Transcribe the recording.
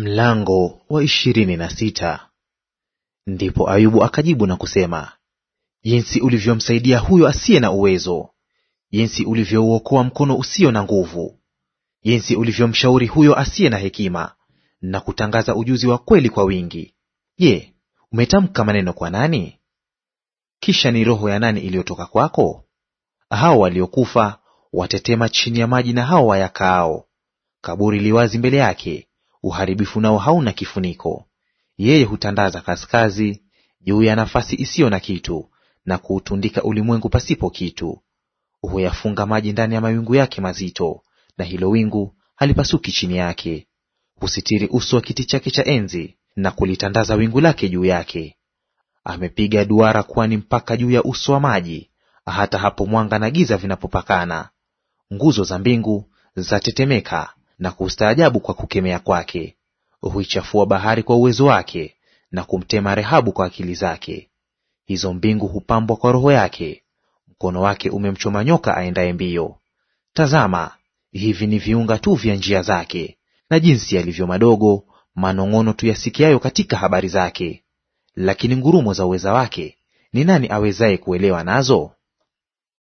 Mlango wa ishirini na sita. Ndipo Ayubu akajibu na kusema, jinsi ulivyomsaidia huyo asiye na uwezo, jinsi ulivyouokoa mkono usio na nguvu, jinsi ulivyomshauri huyo asiye na hekima, na kutangaza ujuzi wa kweli kwa wingi. Je, umetamka maneno kwa nani? Kisha ni roho ya nani iliyotoka kwako? Hao waliokufa watetema chini ya maji, na hao wayakaao kaburi liwazi mbele yake uharibifu nao hauna kifuniko. Yeye hutandaza kaskazi juu ya nafasi isiyo na kitu, na kuutundika ulimwengu pasipo kitu. Huyafunga maji ndani ya mawingu yake mazito, na hilo wingu halipasuki chini yake. Husitiri uso wa kiti chake cha enzi, na kulitandaza wingu lake juu yake. Amepiga duara ni mpaka juu ya uso wa maji, hata hapo mwanga na giza vinapopakana. Nguzo za mbingu zatetemeka, na kustaajabu kwa kukemea kwake. Huichafua bahari kwa uwezo wake, na kumtema Rehabu kwa akili zake. Hizo mbingu hupambwa kwa roho yake, mkono wake umemchoma nyoka aendaye mbio. Tazama, hivi ni viunga tu vya njia zake, na jinsi yalivyo madogo manong'ono tuyasikiayo katika habari zake. Lakini ngurumo za uweza wake ni nani awezaye kuelewa nazo?